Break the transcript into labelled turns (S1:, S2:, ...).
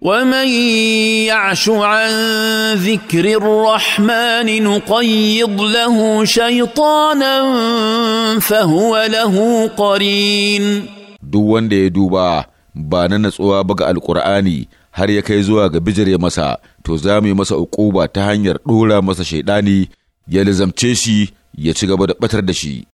S1: ومن يعش عن rahmanin الرحمن نقيض له شيطانا فهو له قرين
S2: duk wanda ya duba ba na natsuwa ba ga Alƙur'ani har ya kai zuwa ga bijire masa to za mu yi masa uquba ta hanyar ɗora masa shaidani ya lizamce shi ya ci gaba da ɓatar da shi